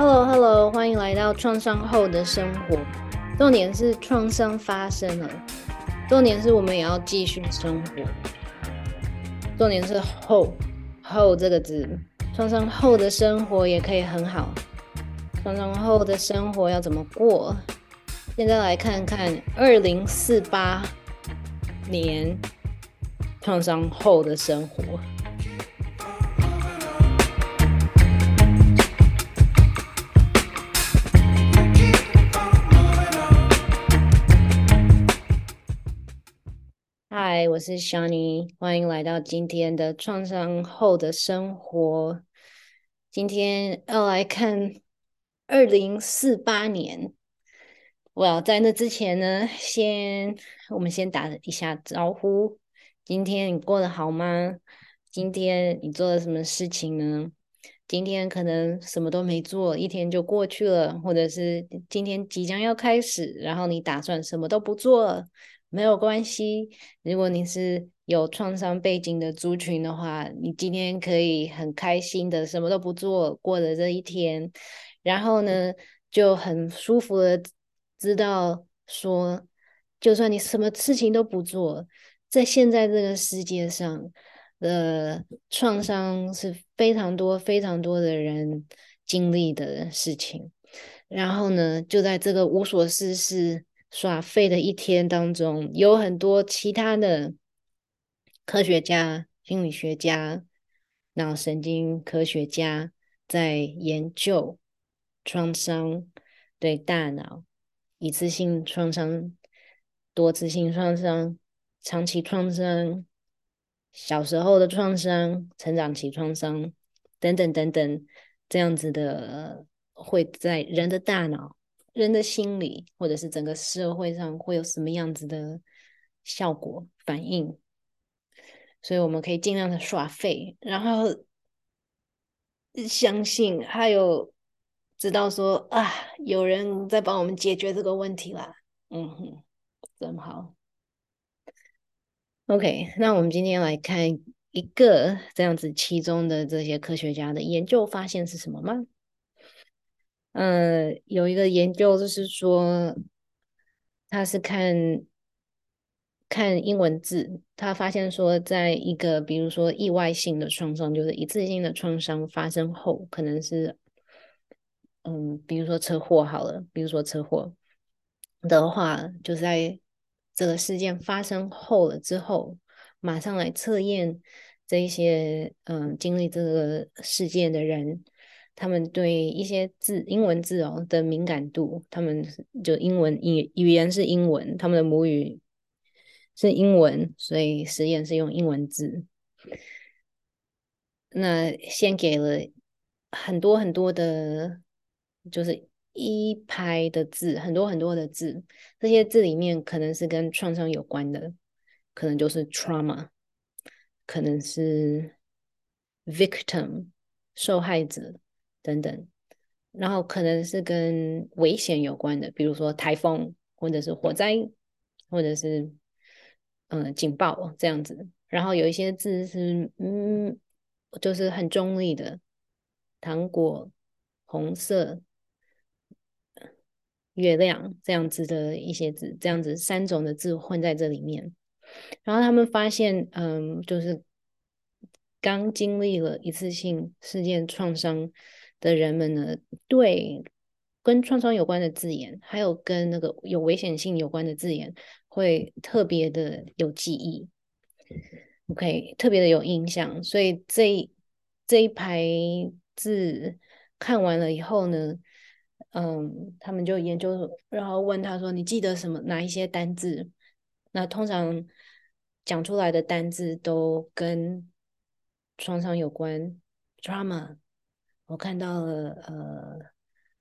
Hello，Hello，hello，歡迎來到創傷後的生活。重點是創傷發生了，重點是我們也要繼續生活。重點是後後這個字，創傷後的生活也可以很好。創傷後的生活要怎麼過？現在來看看2048年創傷後的生活。我是 Shani 歡迎來到今天的創傷後的生活。今天要來看二零四八年。我、wow，要在那之前呢，先我們先打一下招呼。今天你過得好嗎？今天你做了什麼事情呢？今天可能什麼都沒做，一天就過去了，或者是今天即將要開始，然後你打算什麼都不做。沒有關係，如果你是有創傷背景的族群的話，你今天可以很開心的什麼都不做，過了這一天，然後呢，就很舒服的知道說，就算你什麼事情都不做，在現在這個世界上的、呃、創傷是非常多、非常多的人經歷的事情，然後呢，就在這個無所事事，耍廢的一天當中，有很多其他的科學家、心理學家、腦神經科學家在研究創傷對大腦、一次性創傷、多次性創傷、長期創傷、小時候的創傷、成長期創傷等等等等，這樣子的會在人的大腦。人的心理，或者是整個社會上會有什麼樣子的效果反應？所以我們可以盡量的耍廢，然後相信還有知道說啊，有人在幫我們解決這個問題啦。嗯哼，真好。OK，那我們今天來看一個這樣子，其中的這些科學家的研究發現是什麼嗎？嗯、呃，有一個研究就是說，他是看看英文字，他發現說，在一個比如說意外性的創傷，就是一次性的創傷發生後，可能是，嗯，比如說車禍好了，比如說車禍的話，就在這個事件發生後了之後，馬上來測驗這一些嗯、呃，經歷這個事件的人。他們對一些字，英文字哦的敏感度，他們就英文語語言是英文，他們的母語是英文，所以實驗是用英文字。那先給了很多很多的，就是一排的字，很多很多的字，這些字裡面可能是跟創傷有關的，可能就是 trauma，可能是 victim，受害者。等等，然後可能是跟危險有關的，比如說颱風，或者是火災，或者是嗯、呃、警報這樣子。然後有一些字是嗯，就是很中立的，糖果、紅色、月亮這樣子的一些字，這樣子三種的字混在這裡面。然後他們發現，嗯，就是剛經歷了一次性事件創傷。的人們呢，對跟創傷有關的字眼，還有跟那個有危險性有關的字眼，會特別的有記憶，OK，特別的有印象。所以這這一排字看完了以後呢，嗯，他們就研究，然後問他說：“你記得什麼？哪一些單字？”那通常講出來的單字都跟創傷有關，trauma。我看到了，呃，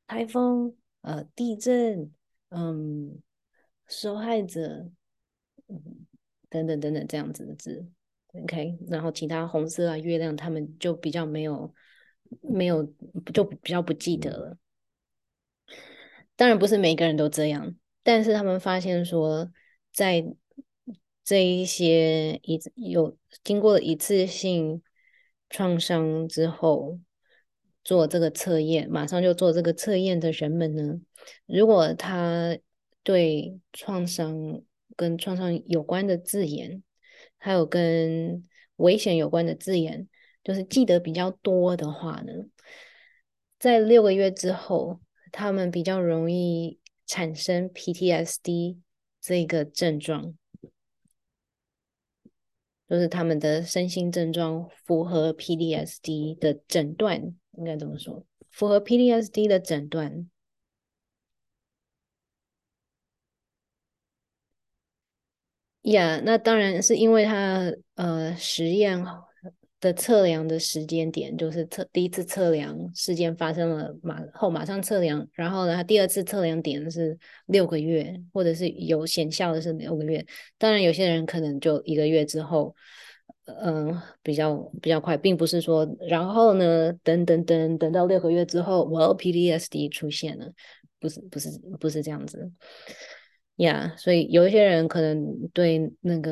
颱風，呃，地震，嗯，受害者，嗯，等等等等這樣子的字，OK。然後其他紅色啊、月亮，他們就比較沒有，沒有，就比較不記得了。當然不是每個人都這樣，但是他們發現說，在這一些一有經過了一次性創傷之後。做這個測驗，馬上就做這個測驗的人們呢，如果他對創傷跟創傷有關的字眼，還有跟危險有關的字眼，就是記得比較多的話呢，在六個月之後，他們比較容易產生 PTSD 這個症狀，就是他們的身心症狀符合 PTSD 的診斷。應該怎麼說？符合 PTSD 的診斷？呀、yeah,，那當然是因為他呃，實驗的測量的時間點就是測第一次測量事件發生了馬後馬上測量，然後呢，他第二次測量點是六個月，或者是有顯效的是六個月。當然，有些人可能就一個月之後。嗯，比較比較快，並不是說，然後呢，等等等等，等到六個月之後，我、well, 有 PTSD 出現了，不是不是不是這樣子 y、yeah, e 所以有一些人可能對那個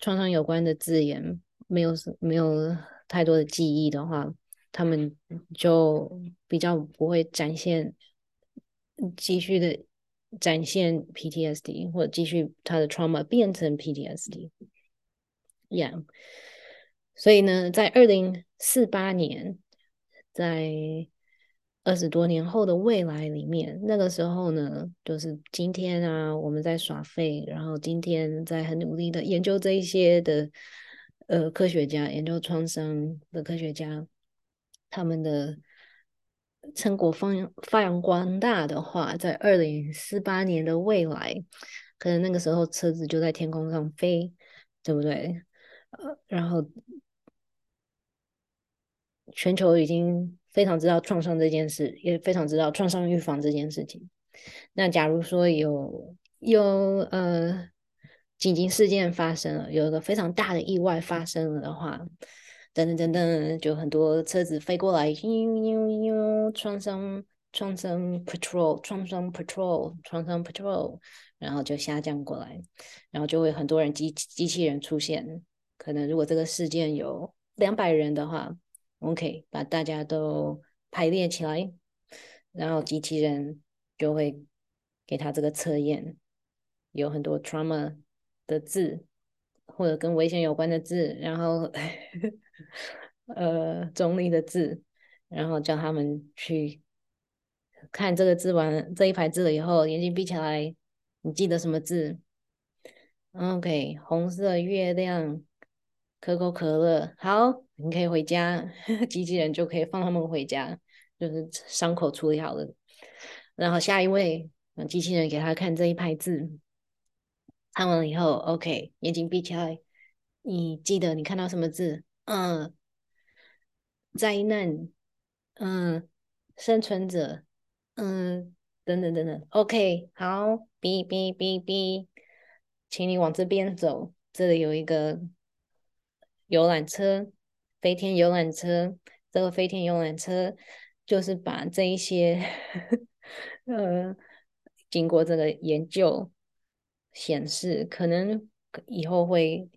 創傷有關的字眼沒有沒有太多的記憶的話，他們就比較不會展現繼續的展現 PTSD，或者繼續他的 trauma 變成 PTSD，Yeah。Yeah. 所以呢，在二零四八年，在二十多年後的未來裡面，那個時候呢，就是今天啊，我們在耍廢，然後今天在很努力的研究這一些的呃科學家，研究創傷的科學家，他們的成果發揚發揚光大的話，在二零四八年的未來，可能那個時候車子就在天空上飛，對不對？呃，然後全球已經非常知道創傷這件事，也非常知道創傷預防這件事情。那假如說有有呃緊急事件發生了，有一個非常大的意外發生了的話，等等等等，就很多車子飛過來，嚶嚶嚶，創傷創傷，創傷 patrol，創傷 patrol，創傷 patrol，然後就下降過來，然後就會很多人機機器人出現。可能如果這個事件有兩百人的話，OK，把大家都排列起來，然後機器人就會給他這個測驗，有很多 trauma 的字，或者跟危險有關的字，然後 呃中立的字，然後叫他們去看這個字，完了這一排字了以後，眼睛閉起來，你記得什麼字？OK，紅色月亮。可口可樂，好，你可以回家。機器人就可以放他們回家，就是傷口處理好了。然後下一位，讓機器人給他看這一排字。看完了以後，OK，眼睛閉起來。你記得你看到什麼字？嗯、呃，災難，嗯、呃，生存者，嗯、呃，等等等等。OK，好，嗶嗶嗶嗶，請你往這邊走，這裡有一個。遊覽車，飛天遊覽車，這個飛天遊覽車就是把這一些，呵呵呃，經過這個研究顯示，可能以後會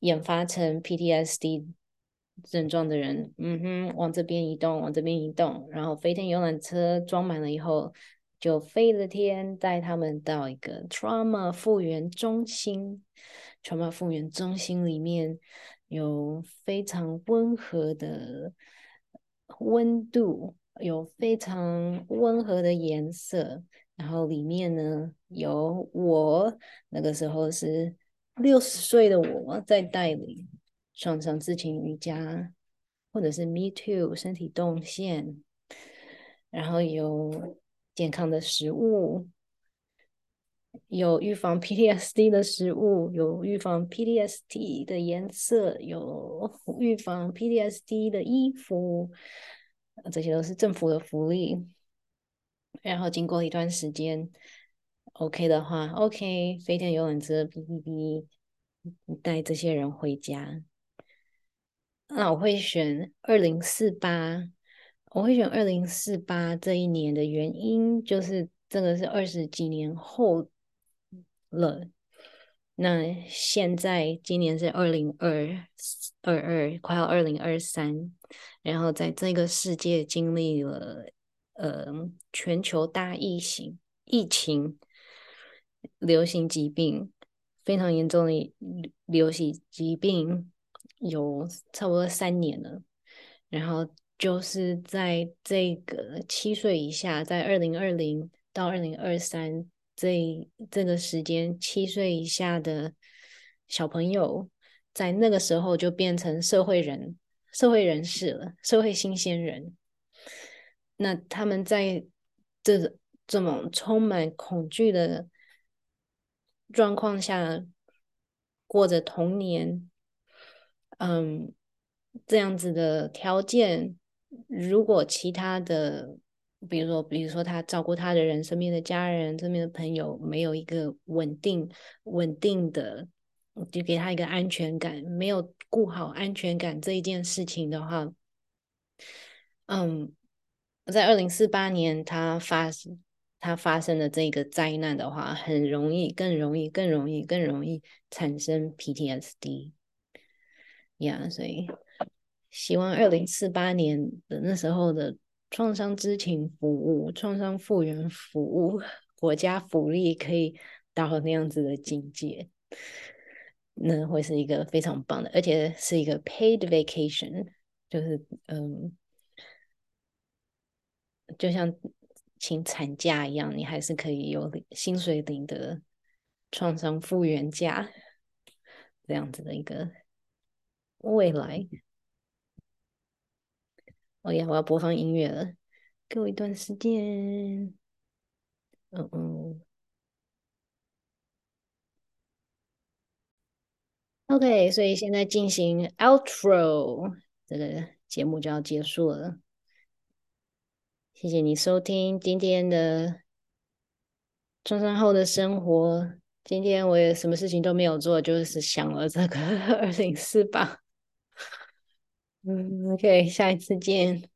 演發成 PTSD 症狀的人，嗯哼，往這邊移動，往這邊移動，然後飛天遊覽車裝滿了以後。就飛了天，帶他們到一個 trauma 復原中心。trauma 復原中心裡面有非常溫和的溫度，有非常溫和的顏色，然後裡面呢有我，那個時候是六十歲的我在帶領創傷知情瑜伽，或者是 me too 身體動線，然後有。健康的食物，有預防 PTSD 的食物，有預防 PTSD 的顏色，有預防 PTSD 的衣服，這些都是政府的福利。然後經過一段時間，OK 的話，OK，飛天遊覽車，嗶嗶嗶，帶這些人回家。那我會選二零四八。我會選二零四八這一年的原因，就是真的是二十幾年後了。那現在今年是二零二二二，快要二零二三，然後在這個世界經歷了，嗯、呃，全球大疫情、疫情、流行疾病非常嚴重的流行疾病有差不多三年了，然後。就是在這個七歲以下，在二零二零到二零二三，這這個時間，七歲以下的小朋友，在那個時候就變成社會人、社會人士了，社會新鮮人。那他們在這這種充滿恐懼的狀況下，過着童年，嗯，這樣子的條件。如果其他的，比如說，比如說他照顧他的人、身邊的家人、身邊的朋友沒有一個穩定、穩定的，就給他一個安全感，沒有顧好安全感這一件事情的話，嗯，在二零四八年他發他發生的這個災難的話，很容易、更容易、更容易、更容易、更容易產生 PTSD，yeah，所以。希望二零四八年的那時候的創傷知情服務、創傷復原服務、國家福利可以達到那樣子的境界，那會是一個非常棒的，而且是一個 paid vacation，就是嗯，就像請產假一樣，你還是可以有薪水領的創傷復原假，這樣子的一個未來。哦呀，oh、yeah, 我要播放音樂了，給我一段時間。嗯、uh、嗯。Oh. OK，所以現在進行 outro，這個節目就要結束了。謝謝你收聽今天的創傷後的生活。今天我也什麼事情都沒有做，就是想了這個二零四八。嗯，OK，下一次見。